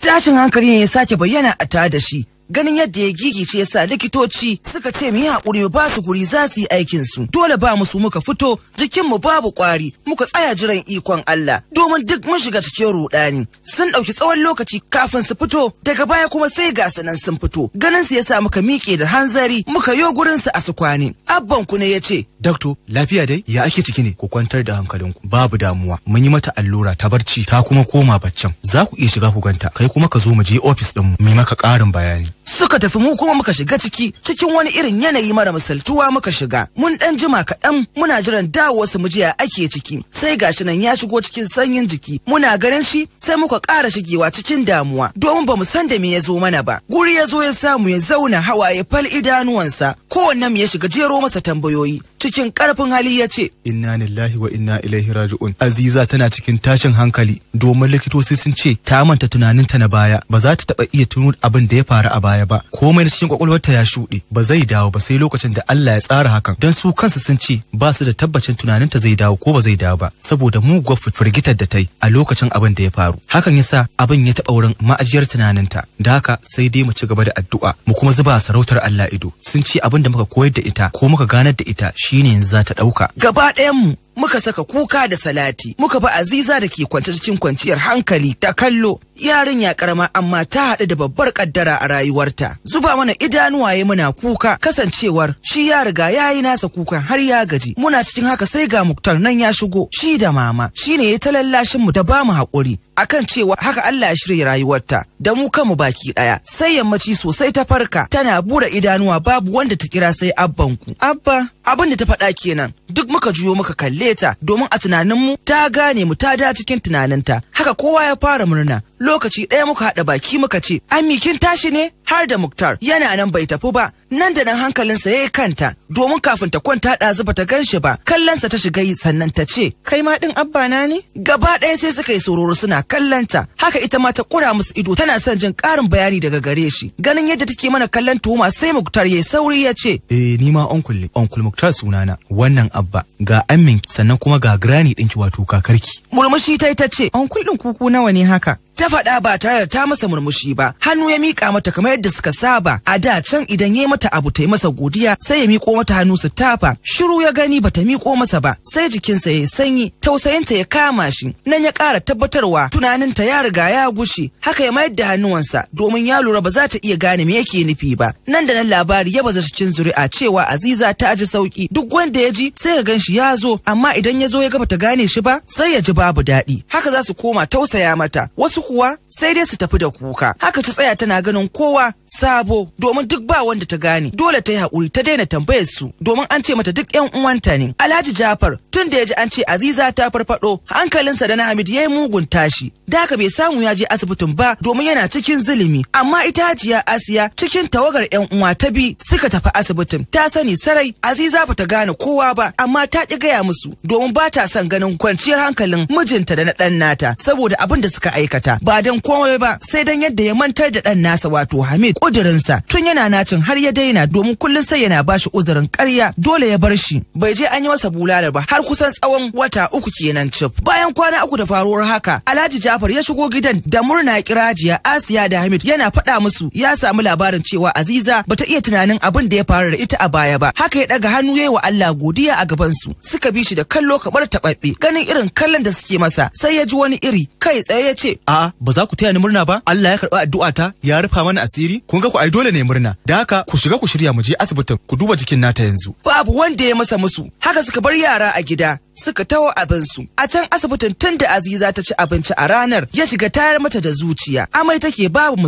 Tashin hankali ne ya sake bayyana a tare da shi ganin yadda ya gigice yasa likitoci suka ce mu yi hakuri ba su guri za su yi aikin su dole ba mu su muka fito jikin mu babu kwari muka tsaya jiran ikon Allah domin duk mun shiga cikin rudani sun dauki tsawon lokaci kafin su fito daga baya kuma sai ga sanan sun fito ganin su yasa muka miƙe da hanzari muka yo gurin su a su kwani. abban ku ne yace dakto lafiya dai ya ake ciki ne ku kwantar da hankalinku babu damuwa mun yi mata allura ta barci ta kuma koma baccin za ku iya shiga ku ganta kai kuma ka zo mu je ofis din mu maka ƙarin bayani suka tafi mu kuma muka shiga ciki cikin wani irin yanayi mara misaltuwa muka shiga mun dan jima kaɗan muna jiran dawo su mujiya ake ciki sai gashi nan ya shigo cikin sanyin jiki muna ganin shi sai muka ƙara shigewa cikin damuwa domin bamu san da me ya zo mana ba guri ya zo ya samu ya zauna hawaye fal idanuwansa kowannen ya shiga jero masa tambayoyi cikin karfin hali ya ce inna lillahi wa inna ilaihi raji'un aziza tana cikin tashin hankali domin likitoci sun ce ta manta tunaninta na baya ba za ta taba iya tuno abin da ya faru a baya ba komai na cikin ta ya shuɗe ba zai dawo ba sai lokacin da Allah ya tsara hakan Don su kansu sun ce ba su da tabbacin tunaninta zai dawo ko ba zai dawo ba saboda muguwar firgitar da ta a lokacin abin da ya faru hakan ya sa abin ya taɓa wurin ma'ajiyar tunaninta da haka sai dai mu ci gaba da addu'a mu kuma zuba sarautar Allah ido sun ce abin da muka koyar da ita ko muka ganar da ita shi shine yanzu za ta ɗauka gaba ɗayan mu muka saka kuka da salati muka bi aziza da ke kwance cikin kwanciyar hankali ta kallo yarinya karama amma ta haɗu da babbar kaddara a rayuwarta zuba mana idanuwaye muna kuka kasancewar shi ya riga ya yi nasa kukan har ya gaji muna cikin haka sai ga muktar nan ya shigo shi da mama shine ya ta lallashin mu da mu haƙuri akan cewa haka Allah ya shirya rayuwarta da mu kanmu baki daya sai yammaci sosai ta farka tana bura idanuwa babu wanda ta kira sai abban ku abba abin da ta faɗa kenan duk muka juyo muka kalli kalle ta domin a tunanin mu ta gane mu ta da cikin tunaninta haka kowa ya fara murna lokaci ɗaya muka haɗa baki muka ce an tashi ne har da muktar yana nan bai tafi ba nan da nan hankalinsa ya yi kanta domin kafin ta kwanta ɗazu zuba ta gan shi ba kallonsa ta shiga yi sannan ta ce kai ma ɗin abba na ne gaba ɗaya sai suka yi sororo suna kallonta haka ita ma ta kura musu ido tana son jin ƙarin bayani daga gare shi ganin yadda take mana kallon tuhuma sai muktar ya yi sauri ya ce eh ni ma onkul ne onkul muktar sunana wannan abba ga amin sannan kuma ga grani ɗinki wato kakarki murmushi ta yi ta ce onkul ɗin kuku nawa ne haka ta faɗa ba tare da ta masa murmushi ba hannu ya miƙa mata kamar yadda suka saba a da can idan ya mata abu ta yi masa godiya sai ya miƙo mata hannu su tafa shiru ya gani ba ta miƙo masa ba sai jikinsa ya sanyi tausayinta ya kama shi nan ya ƙara tabbatarwa tunaninta ya riga ya gushe haka ya mayar da hannuwansa domin ya lura ba za ta iya gane me yake nufi ba nan da nan labari ya baza cikin zuri'a cewa aziza ta ji sauki duk wanda ya ji sai ya gan shi ya zo amma idan ya zo ya ga ta gane shi ba sai ya ji babu daɗi haka za su koma tausaya mata wasu What? sai dai su tafi da kuka haka ta tsaya tana ganin kowa sabo domin duk ba wanda ta gane dole ta yi hakuri ta daina tambayar su domin an ce mata duk yan uwanta ne alhaji jafar tun da ya ji an ce aziza ta farfado hankalinsa da na hamid ya yi mugun tashi da haka bai samu ya je asibitin ba domin yana cikin zulumi amma ita hajiya asiya cikin tawagar yan uwa ta bi suka tafi asibitin ta sani sarai aziza ba ta gane kowa ba amma ta ki gaya musu domin ba ta son ganin kwanciyar hankalin mijinta da na ɗan nata saboda abin da suka aikata ba don komai ba sai dan yadda ya mantar da ɗan nasa wato Hamid ƙudurinsa tun yana nacin har ya daina domin kullun sai yana bashi uzurin ƙarya dole ya bar shi bai je an yi masa bulala ba har kusan tsawon wata uku kenan cif. Bayan kwana uku da faruwar haka Alhaji Jafar ya shigo gidan da murna kirajiya Asiya da Hamid yana faɗa musu ya samu labarin cewa Aziza bata iya tunanin abin da ya faru da ita a baya ba haka ya ɗaga hannu yayi wa Allah godiya a gaban su suka bi shi da kallo kamar taɓaɓɓe ganin irin kallon da suke masa sai ya ji wani iri kai tsaye ya ce a ba za ku taya ni murna ba Allah ya karba addu'a ta ya rufa mana asiri kun ga ku ai dole ne murna da haka ku shiga ku shirya mu je asibitin ku duba jikin nata yanzu babu wanda ya masa musu haka suka bar yara a gida suka taho abinsu a can asibitin tun da aziza ta ci abinci a ranar ya shiga tayar mata da zuciya amai take babu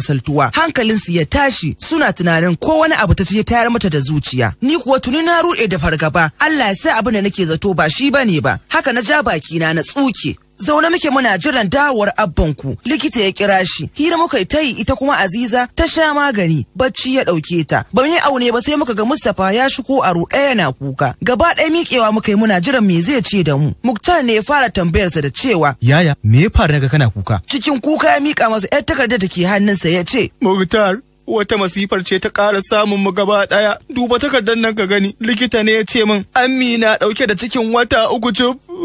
Hankalin su ya tashi suna tunanin ko wani abu ta ci ya tayar mata da zuciya ni kuwa tuni na ruɗe da fargaba Allah ya sa abin da nake zato ba shi bane ba haka na ja baki na na tsuke zaune muke muna jiran dawowar abbanku likita ya kira shi hira muka yi tayi ita kuma aziza ta sha magani bacci ya ɗauke ta ba mu aune ba sai muka ga mustapha ya shigo a ɗaya yana kuka gaba ɗaya miƙewa muka yi muna jiran me zai ce da mu muktar ne ya fara tambayarsa da cewa yaya me ya faru ga kana kuka cikin kuka ya miƙa masa yar takarda da ke hannunsa ya ce muktar wata masifar ce ta ƙara samun mu gaba ɗaya duba takardar nan ka gani likita ne ya ce min amina ɗauke da cikin wata uku cif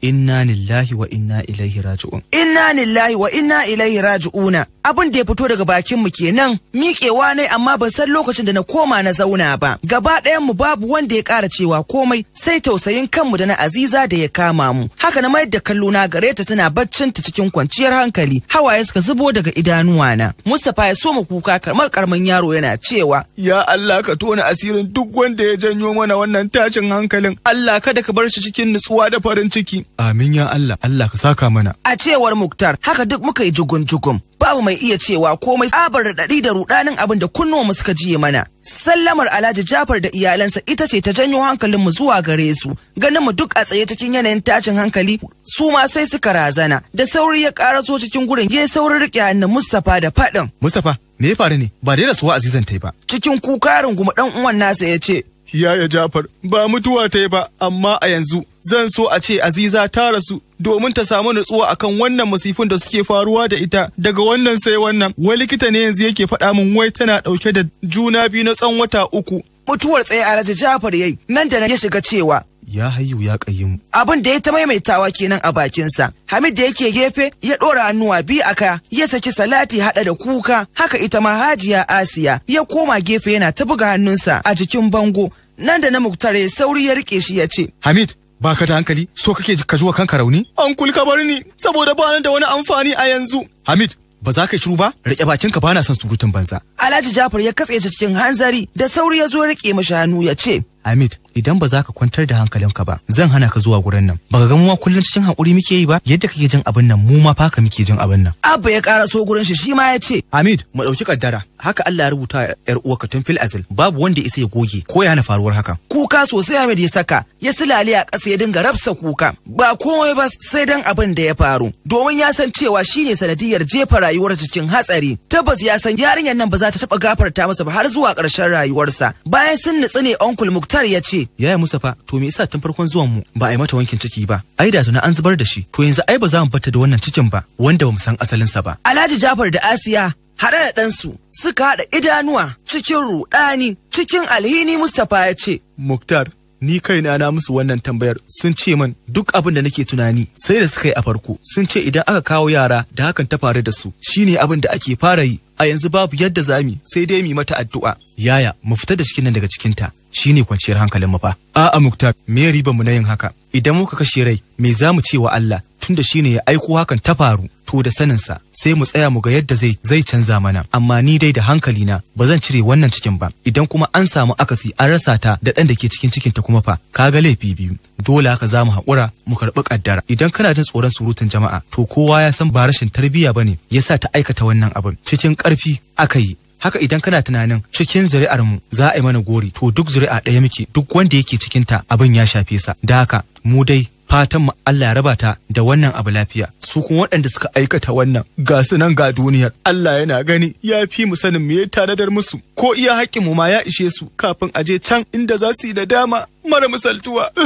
inna lillahi wa inna ilaihi raji'un inna lillahi wa inna ilaihi raji'una abin da ya fito daga bakin mu kenan miƙewa ne amma ban san lokacin da na koma na zauna ba gaba ɗayan mu babu wanda ya ƙara cewa komai sai tausayin kanmu da na aziza da ya kama mu haka na mai da kallo na gare ta tana baccin ta cikin kwanciyar hankali hawaye suka zubo daga idanuwa na Mustapha ya soma kuka kamar karman yaro yana cewa ya Allah ka tona asirin duk wanda ya janyo mana wannan tashin hankalin Allah kada kada ka bar shi cikin nutsuwa da farin ciki amin ya Allah Allah ka saka mana a cewar Muktar haka duk muka yi jugun jugun babu mai iya cewa komai tsabar raɗaɗi da ruɗanin abin da kunnuwanmu suka jiye mana. Sallamar Alhaji Jafar da iyalansa ita ce ta janyo hankalinmu zuwa gare su, ganin mu duk a tsaye cikin yanayin tashin hankali su ma sai suka razana, da sauri ya karaso cikin gurin ya sauri riƙe hannun Mustapha da faɗin. Mustapha, me ya faru ne? Ba daina suwa azizan ta ba. Cikin kuka rungumu ɗan uwan nasa ya ce, ya Jafar, ba mutuwa ta yi ba, amma a yanzu zan so a ce Aziza ta rasu domin ta samu nutsuwa akan wannan masifin da suke faruwa da ita daga wannan sai wannan. Wai likita ne yanzu yake faɗa min wai tana ɗauke da juna biyu na tsan wata uku. Mutuwar tsaye a Alhaji Jafar yayi nan da nan ya shiga cewa ya hayu ya kayyum. abin da ya ta maimaitawa kenan a bakinsa hamid da yake gefe ya ɗora hannuwa biyu a kaya ya saki salati haɗa da kuka haka ita ma hajiya asiya ya koma gefe yana ta buga hannunsa a jikin bango nan da na muktare sauri ya rike shi ya ce hamid ba ka da hankali so kake ka ji kanka rauni an kulka bar ni saboda ba da wani amfani a yanzu hamid ba za ka shiru ba rike bakin ka bana son surutun banza alhaji jafar ya katse cikin hanzari da sauri ya zo rike mashi hannu ya ce hamid idan ba za ka kwantar da hankalinka ba zan hana ka zuwa gurin nan baka ga mu ma kullun cikin hakuri muke yi ba yadda kake jin abin nan mu ma fa ka muke jin abin nan abba ya ƙara so gurin shi shi ma ya ce Hamid mu dauki kaddara haka Allah ya rubuta yar uwarka tun fil azil babu wanda isa ya goge ko ya na faruwar haka kuka sosai Hamid ya saka ya silale a ƙasa ya dinga rafsa kuka ba komai ba sai dan abin da ya faru domin ya san cewa shine sanadiyar jefa rayuwar cikin hatsari tabbas ya san yarinyar nan ba za ta taba gafarta masa ba har zuwa ƙarshen rayuwarsa bayan sun nutsu ne Muktar ya ce yaya Mustapha to me yasa tun farkon zuwan mu ba a mata wankin ciki ba ai da tuna an zubar da shi to yanzu ai ba za mu fata da wannan cikin ba wanda ba mu san sa ba Alhaji Jafar da Asiya haɗe da ɗansu suka haɗa idanuwa cikin rudani, cikin alhini Mustapha ya ce Muktar ni kai na musu wannan tambayar sun ce min duk abin da nake tunani sai da suka yi a farko sun ce idan aka kawo yara da hakan ta faru da su shine abin da ake fara yi a yanzu babu yadda zami sai dai mu mata addu'a yaya mu fita da cikin nan daga cikin ta shine kwanciyar hankalin mu fa a'a Muktar me riba mu na yin haka idan muka kashe rai me zamu ce wa Allah tunda shine ya aiko hakan ta faru to da saninsa sai mu tsaya mu ga yadda zai zai canza mana amma ni dai da hankali na ba zan cire wannan cikin ba idan kuma an samu akasi an rasa ta da ɗan da ke cikin cikin ta kuma fa kaga laifi biyu dole haka za mu haƙura mu karɓi ƙaddara idan kana jin tsoron surutun jama'a to kowa ya san ba rashin tarbiyya bane yasa ta aikata wannan abin cikin ƙarfi aka yi haka idan kana tunanin cikin zuri'ar mu za a yi mana gori to duk zuri'a ɗaya muke duk wanda yake cikin ta abin ya shafe sa da haka mu dai fatan mu Allah ya raba ta da wannan abu lafiya su kuma waɗanda suka aikata wannan ga su nan ga duniyar Allah yana gani ya fi mu sanin me ya tanadar musu ko iya haƙƙin mu ma ya ishe su kafin a je can inda za su yi da dama mara misaltuwa.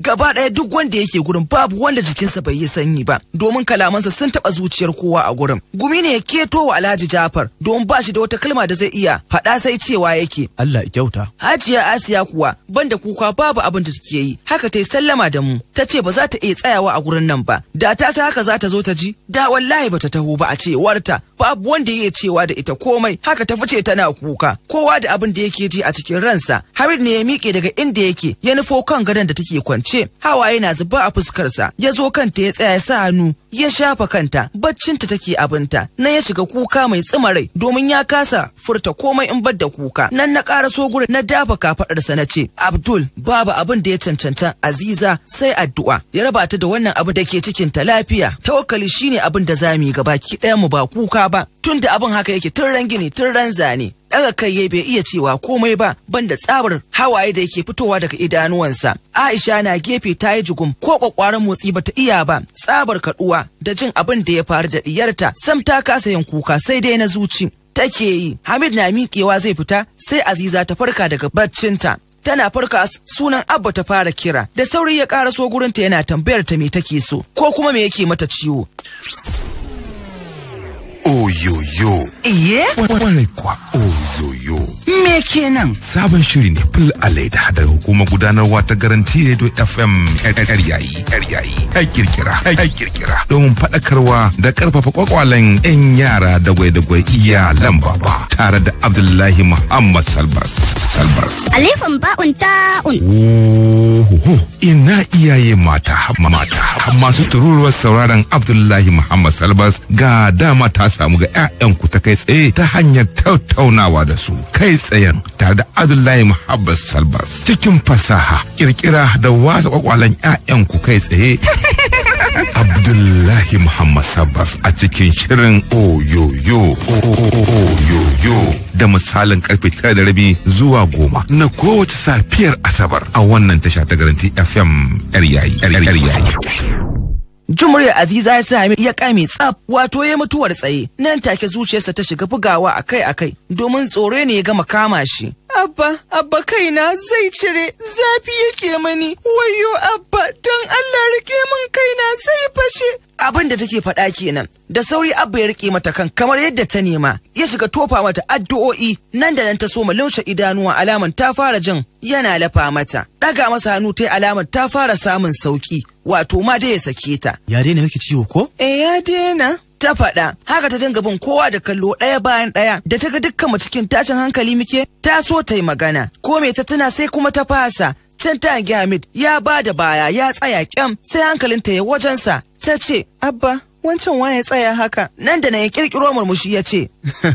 Gaba ɗaya duk wanda yake gurin babu wanda jikinsa bai yi sanyi ba, domin kalamansa sun taɓa zuciyar kowa a gurin. Gumi ne ya keto wa Alhaji Jafar, domin ba shi da wata kalma da zai iya faɗa sai cewa yake. Allah ya kyauta. Hajiya Asiya kuwa banda kuka babu abin da take yi, haka ta yi sallama da mu, ta ce ba za ta iya tsayawa a gurin nan ba. Da ta sai haka za ta zo ta ji, da wallahi ba ta taho ba a cewarta, babu wanda ya cewa da ita komai, haka ta fice tana kuka. Kowa da abin da yake ji a cikin ransa, Hamid ne ya miƙe daga inda inda yake ya nufo kan gadon da take kwance hawaye na zuba a fuskarsa ya zo kanta ya tsaya ya sa hannu ya shafa kanta baccinta take abinta Nan ya shiga kuka mai rai domin ya kasa furta komai in bar da kuka nan na karaso gurin na dafa kafaɗarsa na ce abdul babu abin da ya cancanta aziza sai addu'a ya raba ta da wannan abu da ke cikin ta lafiya tawakkali shine abin da zamu yi gaba ki mu ba kuka ba tunda abin haka yake tun ran gini tun ran zane daga kai ya bai iya cewa komai ba banda tsabar hawaye da yake fitowa daga idanuwansa aisha na gefe ta yi jugum ko kwakwaran motsi bata iya ba tsabar kaduwa da jin abin da ya faru da diyarta sam ta kasa yin kuka sai dai na zuci take yi hamid na miƙewa zai fita sai aziza ta farka daga baccinta tana farka sunan abba ta fara kira da sauri ya karaso gurinta yana tambayar ta me take so ko kuma me yake mata ciwo oyoyo iye kenan. Sabon shiri ne fil alai da hadar hukumar gudanarwa ta garanti radio FM yar yayi yar yayi ai kirkira ai kirkira domin faɗakarwa da karfafa kwakwalen yan yara da gwai da gwai iyalan baba tare da Abdullahi Muhammad Salbas Salbas. Alifin ba'un ta'un. Ohoho ina iyaye mata mata masu tururuwar sauraron Abdullahi Muhammad Salbas ga dama ta samu ga 'ya'yanku ta kai tsaye ta hanyar tattaunawa da su kai tsayen tare da Abdullahi Muhammad Salbas cikin fasaha kirkira da wata kwakwalen ƴaƴan ku kai tsaye. Abdullahi Muhammad Sabbas a cikin shirin Oyoyo Oyoyo da misalin karfe tara da rabi zuwa goma na kowace safiyar Asabar a wannan tasha ta garanti FM 'yar yayi. Jumuriyar Aziza ya sami ya kame tsaf wato ya mutuwar tsaye nan take zuciyarsa ta shiga bugawa akai-akai domin tsore ne ya gama kama shi. Abba, abba kaina zai cire zafi yake mani. Wayo abba don Allah rike min kaina zai fashe. Abin da take faɗa kenan, da sauri abba ya rike mata kan kamar yadda ta nema, ya shiga tofa mata addu'o'i nan da nan ta soma lumshe idanuwa alaman ta fara jin yana lafa mata. Ɗaga masa hannu ta yi alamar ta fara samun sauki, wato ma dai ya sake ta. Ya daina miki ciwo ko? Eh ya daina. ta faɗa haka ta dinga bin kowa da kallo ɗaya bayan ɗaya da ta ga dukkan mu cikin tashin hankali muke ta so ta yi magana ko me ta tuna sai kuma ta fasa can ta Hamid ya ba da baya ya tsaya kyam sai hankalin ta ya wajensa ta ce abba wancan waye tsaya haka nan da na ya kirkiro murmushi ya ce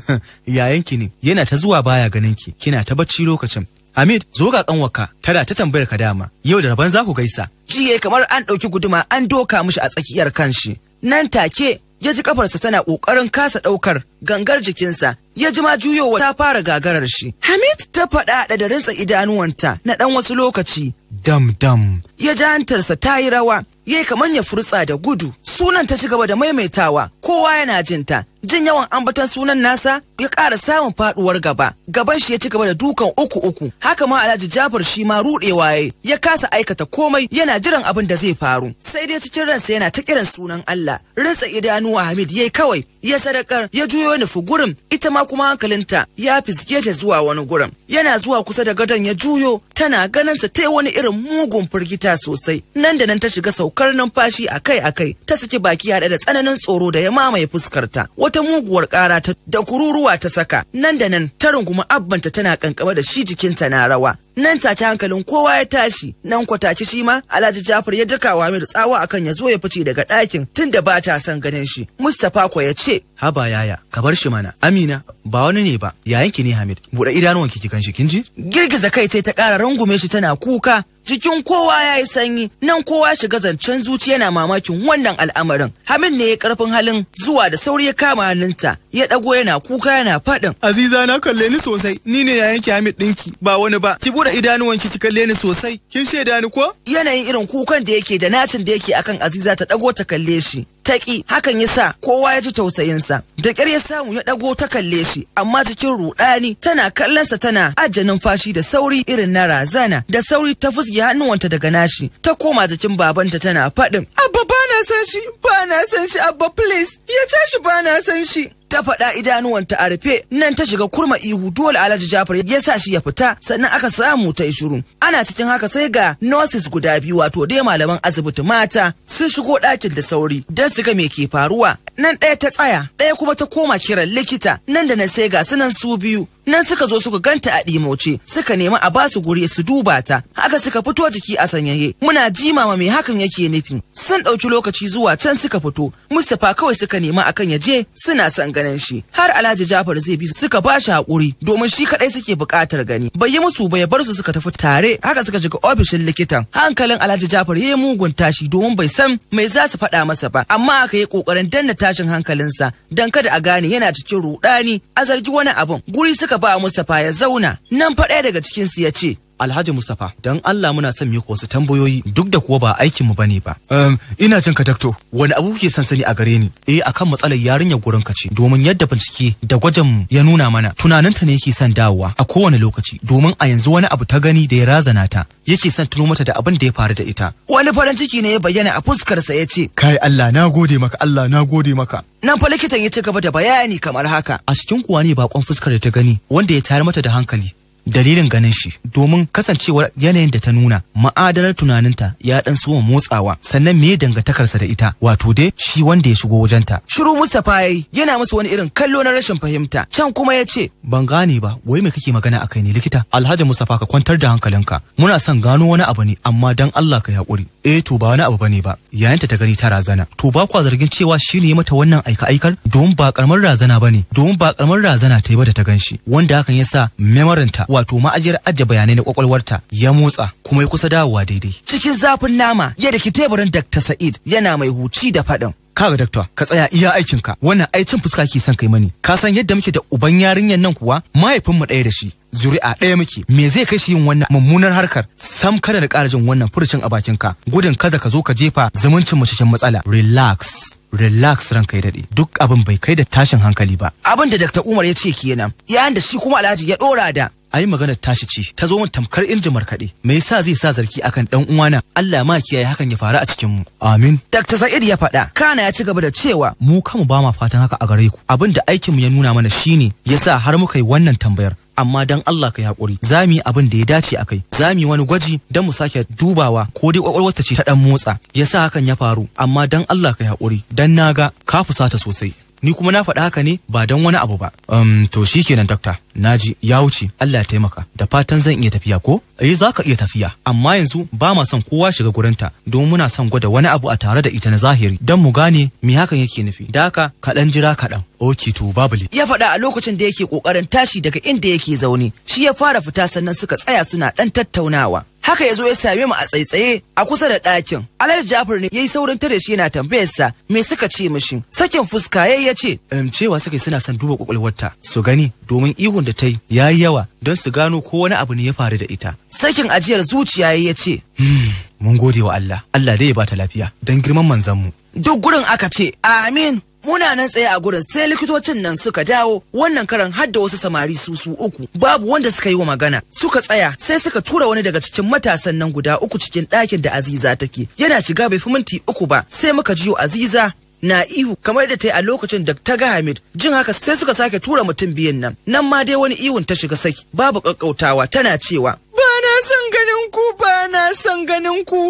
yayanki ne yana ta zuwa baya ganin ki kina ta bacci lokacin Hamid zo ga kanwarka tada ta tambayar ka dama yau da rabon za ku gaisa jiye kamar an ɗauki guduma an doka mishi a tsakiyar kanshi nan take ya ji kafarsa tana ƙoƙarin kasa ɗaukar gangar jikinsa ya jima ma juyowa ta fara gagarar shi. Hamid ta faɗa da rinsa idanuwanta na ɗan wasu lokaci. Dam dam. Ya ji hantarsa ta yi rawa, ya yi kamar ya furtsa da gudu. Sunan ta gaba da maimaitawa, kowa yana jinta. Jin yawan ambaton sunan nasa ya ƙara samun faɗuwar gaba. Gaban shi ya ci gaba da dukan uku uku. Haka ma Alhaji Jafar shi ma ruɗewa ya ya kasa aikata komai yana jiran abin da zai faru. Sai dai cikin ransa yana ta kiran sunan Allah. Rintsa idanuwa Hamid yayi kawai ya sadakar ya juyo ya nufi gurin ita ma kuma hankalinta ya fizge ta zuwa wani gurin yana zuwa kusa da gadon ya juyo tana ganin sa ta wani irin mugun firgita sosai nan da nan ta shiga saukar numfashi akai-akai ta saki baki haɗe da tsananin tsoro da ya mamaye fuskarta wata muguwar ƙara ta da kururuwa ta saka nan da nan ta runguma abbanta tana kankama da shi jikinta na rawa nan take hankalin kowa ya tashi nan kwataci shi ma alhaji jafar ya duka wa amir tsawa akan ya zo ya fice daga ɗakin tun da ba ta son ganin shi mustapha ko ya ce haba yaya ka bar shi mana amina ba wani ne ba yayanki ne hamid buɗe idanuwanki ki kan shi kin ji girgiza kai ce ta ƙara rangume shi tana kuka jikin kowa ya yi sanyi nan kowa shiga zancen zuci yana mamakin wannan al'amarin hamin ne ya karfin halin zuwa da sauri ya kama hannunta ya dago yana kuka yana faɗin aziza na kalle ni sosai ni ne yayan ki hamid ɗinki ba wani ba ki bude ki ki kalle ni sosai kin shaida ni ko yanayin irin kukan da yake da nacin da yake akan aziza ta dago ta kalle shi taƙi hakan ya sa kowa ya ji tausayinsa da ƙyar ya samu ya ɗago ta kalle shi amma cikin ruɗani tana kallonsa tana ajiye numfashi da sauri irin na razana da sauri ta fusge hannuwanta daga nashi ta koma jikin babanta tana faɗin abba ba na san shi ba na san shi abba please ya tashi ba na san shi. ta faɗa idanuwanta a rufe nan ta shiga kurma ihu dole alhaji jafar ya sa shi ya fita sannan aka samu ta yi shiru ana cikin haka sai ga nurses guda biyu wato dai malaman asibiti mata sun shigo ɗakin da sauri don su ga me ke faruwa nan ɗaya ta tsaya ɗaya kuma ta koma kiran likita nan da na sai ga sunan su biyu nan suka zo suka ganta a ɗimauce suka nemi a basu guri su duba ta haka suka fito jiki a sanyaye muna ma mai hakan yake nufi sun ɗauki lokaci zuwa can suka fito mustapha kawai suka nemi akan ya je suna son ganin shi har alhaji jafar zai bi suka ba shi haƙuri domin shi kaɗai suke buƙatar gani bai yi musu ba ya bar su suka tafi tare haka suka shiga ofishin likitan hankalin alhaji jafar ya yi mugun tashi domin bai san mai za su faɗa masa ba amma aka yi ƙoƙarin danna tashin hankalinsa don kada a gane yana cikin rudani a zargi wani abun guri suka ba Mustapha ya zauna nan fa ɗaya daga cikinsu ya ce Alhaji Mustapha don Allah muna son miko wasu tambayoyi duk da kuwa ba aikin mu bane ba. Um, ina jin ka dakto wani abu kuke son sani a gare ni eh akan matsalar yarinyar gurin ka ce domin yadda bincike da gwajin ya nuna mana tunaninta ne yake son dawowa a kowane lokaci domin a yanzu wani abu ta gani da ya razana ta yake son tuno mata da abin da ya faru da ita. Wani farin ciki ne ya bayyana a fuskarsa ya ce kai Allah na gode maka Allah na gode maka. Nan fa likitan ya ci gaba da bayani kamar haka. A cikin kuwa ne bakon fuskar da ta gani wanda ya tayar mata da hankali dalilin ganin shi domin kasancewar yanayin da ta nuna ma'adanar tunaninta ya dan soma motsawa sannan me dangantakarsa da ita wato dai shi wanda ya shigo wajenta shiru Mustapha yayi yana masa wani irin kallo na rashin fahimta can kuma ya ce ban gane ba wai me kake magana akai ne likita Alhaji Mustapha ka kwantar da hankalinka muna son gano wani abu ne amma dan Allah ka hakuri eh to ba wani abu bane ba yayinta ta gani ta razana to ba kwa zargin cewa shi ne mata wannan aika aikar domin ba karamar razana bane domin ba karamar razana ta yi ba da ta ganshi wanda hakan yasa memoranta wato ma'ajiyar ajiye bayanai na kwakwalwarta ya motsa kuma ya kusa dawowa daidai cikin zafin nama ya daki teburin dr sa'id yana mai huci da faɗin kaga dakta ka tsaya iya aikinka wannan aicin fuska ke son kai mani ka san yadda muke da uban yarinyar nan kuwa mahaifinmu ɗaya da shi zuri'a ɗaya muke me zai kai shi yin wannan mummunar harkar sam kada da ƙara jin wannan furucin a bakinka gudun kada ka zo ka jefa zumuncin mu cikin matsala relax relax ranka ya daɗe duk abin bai kai da tashin hankali ba abin da dr umar ya ce kenan yayin da shi kuma alhaji ya ɗora da a ai magana tashi ci ta zo min tamkar injin markaɗe me yasa zai sa zarki akan dan uwana Allah ma kiyaye hakan ya faru a cikin mu amin Dr. Sa'id ya faɗa kana ya ci gaba da cewa mu kanmu ba ma fatan haka a gare ku abinda aikin mu ya nuna mana shine yasa har muka yi wannan tambayar amma dan Allah ka yi hakuri za mu yi abin da ya dace a kai za mu yi wani gwaji don mu sake dubawa ko dai kwakwalwar ta ce ta dan motsa yasa hakan ya faru amma dan Allah ka hakuri dan naga ka fusata sosai ni kuma na faɗa haka ne ba dan wani abu ba um to shikenan doctor naji ya wuce Allah ya taimaka da fatan zan iya tafiya ko eh za ka iya tafiya amma yanzu ba ma son kowa shiga gurinta don muna son gwada wani abu a tare da ita na zahiri don mu gane me hakan yake nufi da haka kaɗan jira kaɗan oke to babule ya faɗa a lokacin da yake ƙoƙarin tashi daga inda yake zaune shi ya fara fita sannan suka tsaya suna ɗan tattaunawa haka ya zo ya same mu a tsaitsaye a kusa da ɗakin. Alhaji Jafar ne ya yi saurin tare shi yana sa. me suka ce mishi. Sakin fuska ya ce. Um, cewa suka suna son duba kwakwalwarta su gani domin ihu yawon da ta yi ya yi yawa don su gano ko wani abu ne ya faru da ita sakin ajiyar zuciya ya ce hmm, mun gode wa Allah Allah dai ya bata lafiya don girman manzanmu duk gurin aka ce amin muna nan tsaye a gurin sai likitocin nan suka dawo wannan karan har da wasu samari su su uku babu wanda suka yi wa magana suka tsaya sai suka tura wani daga cikin matasan nan guda uku cikin ɗakin da aziza take yana shiga bai fi minti uku ba sai muka jiyo aziza na ihu kamar da ta yi a lokacin da ta ga Hamid jin haka sai suka sake tura mutum biyan nan nan ma dai wani ihun ta shiga saki babu kakkautawa tana cewa ba na son ganin ku ba na son ganin ku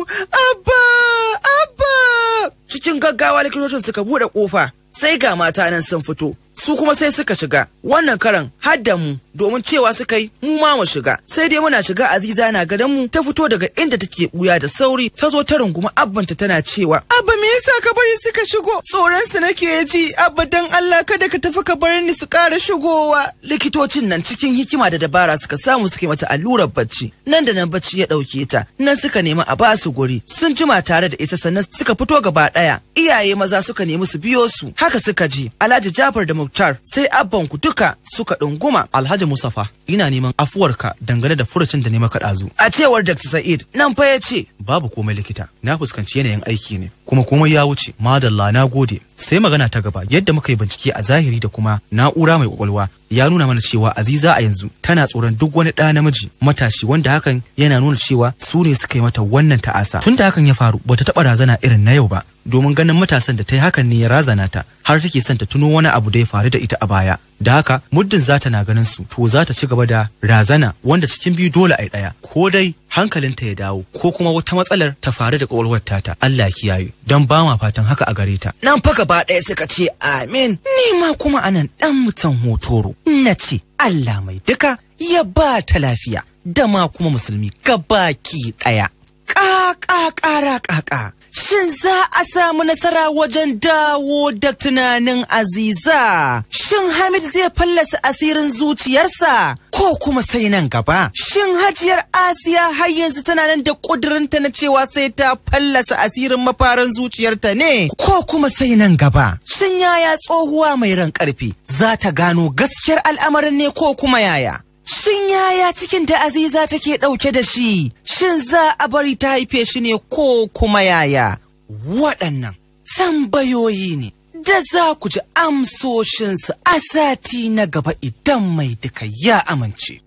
abba abba cikin gaggawa likitocin suka bude kofa sai ga mata nan sun fito su kuma sai suka shiga wannan karan har da mu domin cewa suka yi mu ma mu shiga sai dai muna shiga aziza na gadan mu ta fito daga inda take buya da sauri ta zo ta runguma abbanta tana cewa abba me yasa ka bari suka shigo tsoron su nake ji abba dan Allah kada ka tafi ka bar ni su kara shigowa likitocin nan cikin hikima da dabara suka samu suke mata allurar bacci nan da nan bacci ya ɗauke ta nan suka nemi a basu guri sun jima tare da isa sannan suka fito gaba ɗaya iyaye maza suka nemi su biyo su haka suka ji alhaji jafar da muktar sai abban ku duka suka ɗunguma alhaji Alhaji fa ina neman afuwarka dangane da furucin da ne maka ɗazu. A cewar Dr. Sa'id nan fa ya babu komai likita na fuskanci yanayin aiki ne kuma komai ya wuce madalla na gode sai magana ta gaba yadda muka yi bincike a zahiri da kuma na'ura mai kwakwalwa ya nuna mana cewa aziza a yanzu tana tsoron duk wani ɗa namiji matashi wanda hakan yana nuna cewa su ne suka yi mata wannan ta'asa tun da hakan ya faru bata taɓa razana irin na yau ba domin ganin matasan da ta yi hakan ne ya razana ta har take son ta tuno wani abu da ya faru da ita a baya da haka muddin za ta na ganin su to za ta ci gaba da razana wanda cikin biyu dole a yi ɗaya ko dai hankalinta ya dawo ko kuma wata matsalar ta faru da kwakwalwar tata Allah kiyaye don ba ma fatan haka a gare ta nan fa gaba ɗaya suka ce amin ni ma kuma anan dan mutan hotoro na ce Allah mai duka ya ba ta lafiya da ma kuma musulmi gabaki ɗaya ƙaƙa ƙara ƙaƙa Shin za a samu nasara wajen dawo da tunanin Aziza? Shin Hamid zai fallasa asirin zuciyarsa ko kuma sai nan gaba? Shin Hajiyar Asiya har yanzu tana nan da ƙudurinta na cewa sai ta fallasa asirin mafarin zuciyarta ne ko kuma sai nan gaba? Shin yaya tsohuwa mai ran ƙarfi za ta gano gaskiyar al'amarin ne ko kuma yaya? Sun yaya cikin da Aziza take ɗauke da shi, shin za a bari ta haife shi ne ko kuma yaya? Waɗannan tambayoyi ne da za ku ji amsoshinsu a sati na gaba idan mai duka ya amince.